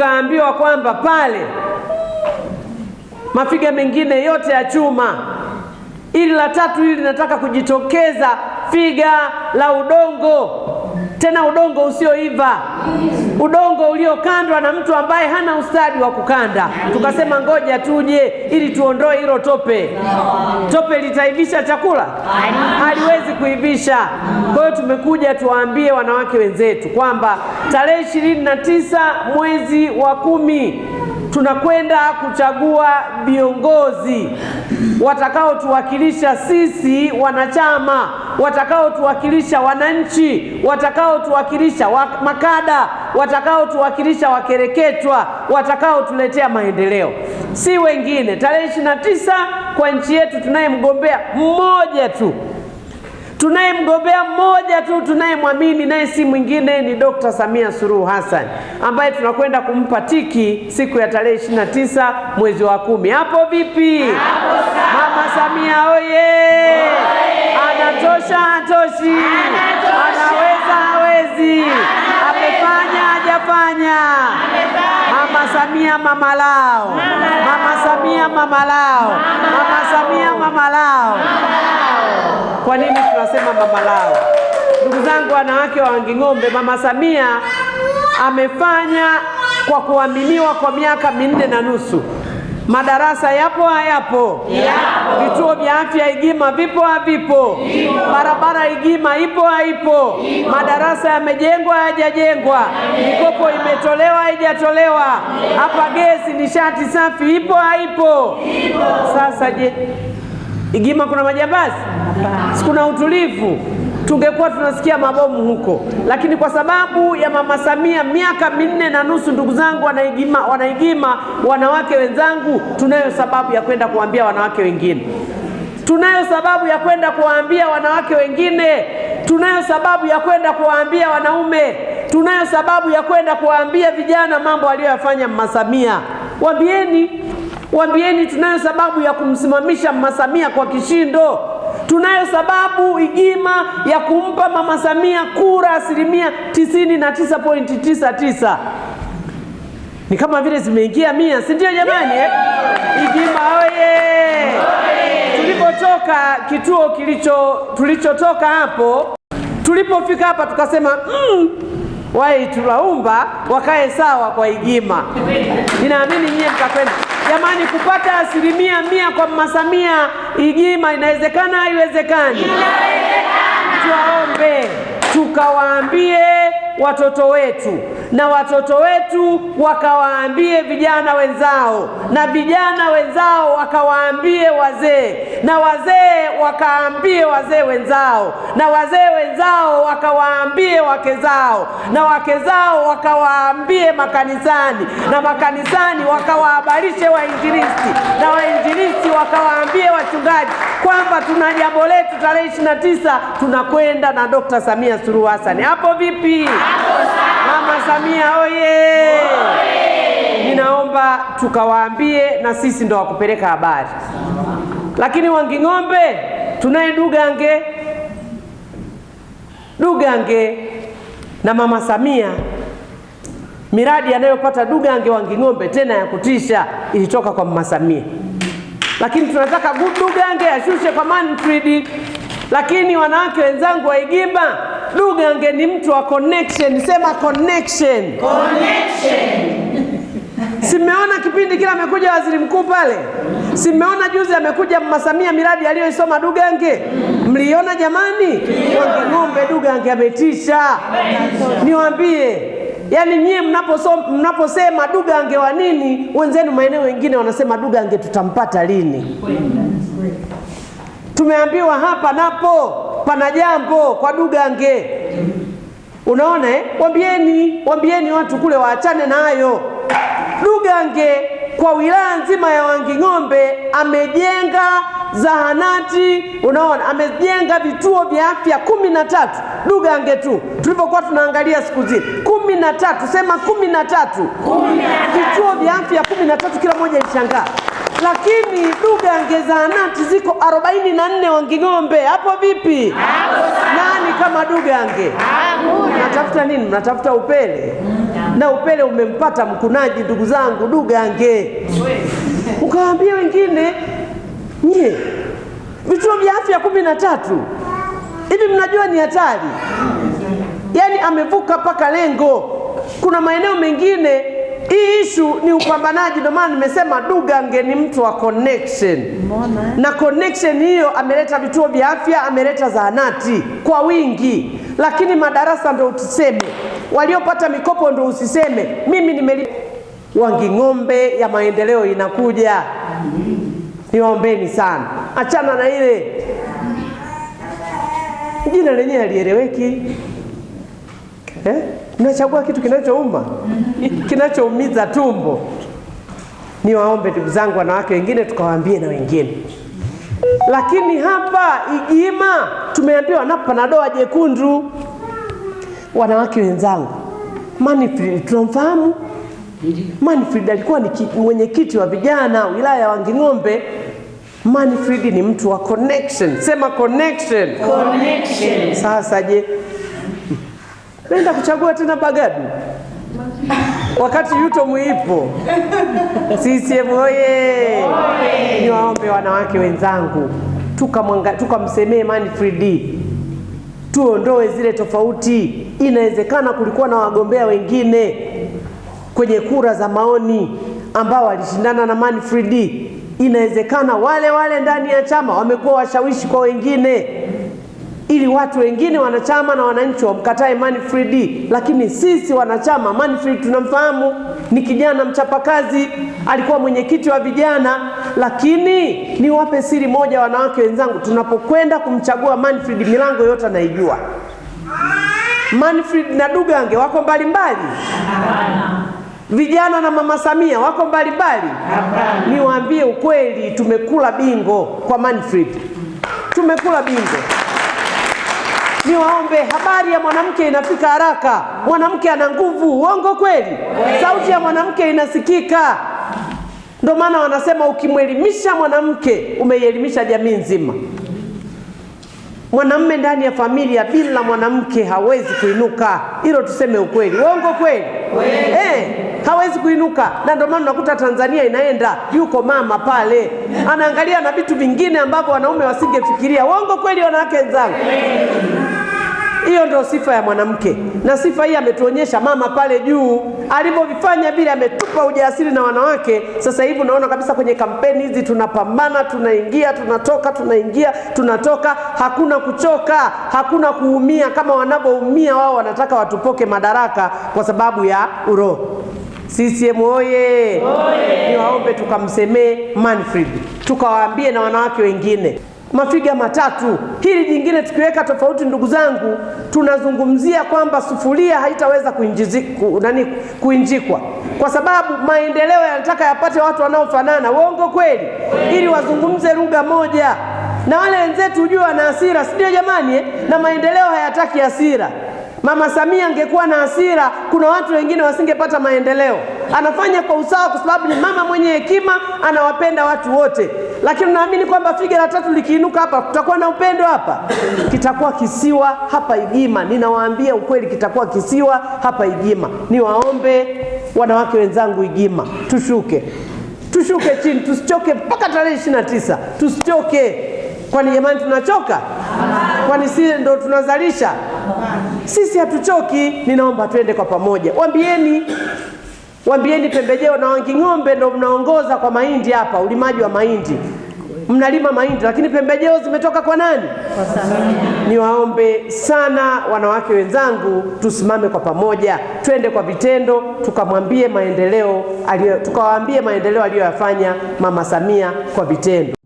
tukaambiwa kwamba pale mafiga mengine yote ya chuma, ili la tatu hili linataka kujitokeza figa la udongo tena udongo usioiva, udongo uliokandwa na mtu ambaye hana ustadi wa kukanda. Tukasema ngoja tuje ili tuondoe hilo tope. Tope litaivisha chakula? Haliwezi kuivisha. Kwa hiyo tumekuja tuwaambie wanawake wenzetu kwamba tarehe ishirini na tisa mwezi wa kumi tunakwenda kuchagua viongozi watakaotuwakilisha sisi wanachama watakaotuwakilisha wananchi, watakaotuwakilisha wa makada, watakaotuwakilisha wakereketwa, watakaotuletea maendeleo, si wengine. Tarehe ishirini na tisa kwa nchi yetu tunayemgombea mmoja tu tunayemgombea mmoja tu tunayemwamini naye si mwingine ni Dr. Samia Suluhu Hassan ambaye tunakwenda kumpa tiki siku ya tarehe tisa mwezi wa kumi. Hapo vipi? Hapo sawa. Mama Samia oye! anatosha atoshi, anaweza hawezi, amefanya hajafanya. Mama Samia mama lao, Mama Samia mama lao, Mama Samia mama lao. Kwa nini tunasema mama lao? Ndugu zangu wanawake wa Wanging'ombe, Mama Samia amefanya kwa kuaminiwa kwa miaka minne na nusu. Madarasa yapo hayapo? Yapo. Vituo vya afya Igima vipo havipo? Vipo. Barabara Igima ipo haipo? Ipo. Madarasa yamejengwa hayajajengwa? Mikopo imetolewa haijatolewa? Hapa gesi nishati safi ipo haipo? Ipo. Sasa je, Igima kuna majambazi? Hapana. Sikuna utulivu? tungekuwa tunasikia mabomu huko, lakini kwa sababu ya mama Samia, miaka minne na nusu, ndugu zangu wanaigima, wanaigima wanawake wenzangu, tunayo sababu ya kwenda kuambia wanawake wengine, tunayo sababu ya kwenda kuwaambia wanawake wengine, tunayo sababu ya kwenda kuwaambia wanaume, tunayo sababu ya kwenda kuwaambia vijana mambo aliyoyafanya mama Samia. Waambieni, waambieni, tunayo sababu ya kumsimamisha mama Samia kwa kishindo. Tunayo sababu igima ya kumpa Mama Samia kura asilimia 99.99 ni kama vile zimeingia mia, si ndio jamani? Eh, Igima oye! Tulipotoka kituo kilicho tulichotoka hapo, tulipofika hapa tukasema mm, tulaumba wakae sawa kwa Igima. Ninaamini nyie mkakwenda Jamani, kupata asilimia mia kwa Mama Samia Igima inawezekana, haiwezekani? Tuwaombe, tukawaambie watoto wetu, na watoto wetu wakawaambie vijana wenzao, na vijana wenzao wakawaambie wazee, na wazee wakaambie wazee wenzao, na wazee wenzao wakawaambie wake zao, na wake zao wakawaambie makanisani, na makanisani wakawahabarishe wainjilisti, na wainjilisti wakawaambie wachungaji kwamba tuna jambo letu tarehe ishirini na tisa tunakwenda na Dr. Samia Suluhu Hassan. Hapo vipi? Mama Samia oye! Ninaomba tukawaambie na sisi ndo wakupeleka habari, lakini Wanging'ombe tunaye Dugange, Dugange na mama Samia miradi anayopata Dugange Wanging'ombe tena ya kutisha ilitoka kwa mama Samia lakini tunataka Dugange ashushe kwa Manfred, lakini wanawake wenzangu wa Igiba, Dugange ni mtu wa connection. Sema connection, connection. Simeona kipindi kile amekuja waziri mkuu pale, simeona juzi amekuja Mama Samia, miradi aliyoisoma Dugange mliona jamani? Ng'ombe Dugange ametisha, niwaambie Yaani nyie mnaposema mnapo Dugange wa nini, wenzenu maeneo wengine wanasema Dugange tutampata lini? Tumeambiwa hapa napo pana jambo kwa Dugange. Unaona eh? Wambieni, wambieni watu kule waachane na Duga Dugange kwa wilaya nzima ya Wanging'ombe amejenga zahanati, unaona amejenga vituo vya afya kumi na tatu Dugange tu tulivyokuwa tunaangalia siku zile kumi na tatu sema kumi na tatu vituo vya afya kumi na tatu kila moja ishangaa lakini Dugange zahanati ziko 44 na nne Wanging'ombe. Hapo vipi? Nani kama Dugange? Mnatafuta nini? Mnatafuta upele na upele umempata mkunaji, ndugu zangu, Dugange ukaambia wengine nye vituo vya afya kumi na tatu hivi, mnajua ni hatari? Yaani amevuka mpaka lengo. Kuna maeneo mengine hii ishu ni upambanaji. Ndio maana nimesema Dugange ni mtu wa connection, na connection hiyo ameleta vituo vya afya, ameleta zahanati kwa wingi, lakini madarasa ndo usiseme, waliopata mikopo ndo usiseme. Mimi nimeli Wanging'ombe ya maendeleo inakuja Niombeni sana, achana na ile jina lenyewe alieleweki eh? Nachagua kitu kinachouma kinachoumiza tumbo. Niwaombe ndugu zangu, wanawake wengine tukawaambie na wengine, lakini hapa Igima tumeambiwa na doa jekundu. Wanawake wenzangu, mani tunamfahamu Manfred alikuwa ni mwenyekiti wa vijana wilaya ya Wanging'ombe. Manfred ni mtu wa connection. Sema connection. Connection. Sasa je, nenda kuchagua tena Bagadu wakati yuto mwipo CCM oye! Niwaombe wanawake wenzangu, tukamsemee tuka Manfred, tuondoe zile tofauti. Inawezekana kulikuwa na wagombea wengine kwenye kura za maoni ambao walishindana na Manfred. Inawezekana wale wale ndani ya chama wamekuwa washawishi kwa wengine, ili watu wengine wanachama na wananchi wamkatae Manfred. Lakini sisi wanachama, Manfred tunamfahamu, ni kijana mchapakazi, alikuwa mwenyekiti wa vijana. Lakini niwape siri moja, wanawake wenzangu, tunapokwenda kumchagua Manfred, milango yote anaijua Manfred na Dugange wako mbalimbali mbali. Vijana na mama Samia wako mbalimbali, niwaambie ukweli, tumekula bingo kwa Manfred, tumekula bingo. Niwaombe, habari ya mwanamke inafika haraka. Mwanamke ana nguvu, uongo kweli? Sauti ya mwanamke inasikika. Ndio maana wanasema ukimwelimisha mwanamke umeielimisha jamii nzima. Mwanamme ndani ya familia bila mwanamke hawezi kuinuka, hilo tuseme ukweli. Uongo kweli? Eh, hawezi kuinuka, na ndio maana unakuta Tanzania inaenda, yuko mama pale anaangalia na vitu vingine ambavyo wanaume wasingefikiria. Uongo kweli, wanawake wenzangu? Hiyo ndio sifa ya mwanamke, na sifa hii ametuonyesha mama pale juu alivyovifanya vile, ametupa ujasiri na wanawake. Sasa hivi unaona kabisa kwenye kampeni hizi tunapambana, tunaingia, tunatoka, tunaingia, tunatoka, hakuna kuchoka, hakuna kuumia kama wanavyoumia wao. Wanataka watupoke madaraka kwa sababu ya uroho. CCM oye! waombe tukamsemee Manfred, tukawaambie na wanawake wengine mafiga matatu. Hili jingine tukiweka tofauti, ndugu zangu, tunazungumzia kwamba sufuria haitaweza nani kuinjikwa, kwa sababu maendeleo yanataka yapate watu wanaofanana. Uongo kweli? Ili wazungumze lugha moja, na wale wenzetu hujue wana hasira, si ndio jamani eh? Na maendeleo hayataki hasira. Mama Samia angekuwa na hasira, kuna watu wengine wasingepata maendeleo. Anafanya kwa usawa, kwa sababu ni mama mwenye hekima, anawapenda watu wote. Lakini unaamini kwamba figa la tatu likiinuka hapa kutakuwa na upendo hapa? Kitakuwa kisiwa hapa Igima. Ninawaambia ukweli, kitakuwa kisiwa hapa Igima. Niwaombe wanawake wenzangu Igima, tushuke, tushuke chini, tusichoke mpaka tarehe ishirini na tisa, tusichoke. Kwani jamani, tunachoka? Kwani si ndo tunazalisha? Sisi hatuchoki. Ninaomba tuende kwa pamoja, wambieni wambieni pembejeo na Wanging'ombe ndo mnaongoza kwa mahindi hapa, ulimaji wa mahindi mnalima mahindi, lakini pembejeo zimetoka kwa nani? Kwa Samia. Niwaombe sana wanawake wenzangu, tusimame kwa pamoja, twende kwa vitendo, tukamwambie maendeleo aliyo, tukawaambie maendeleo aliyoyafanya Mama Samia kwa vitendo.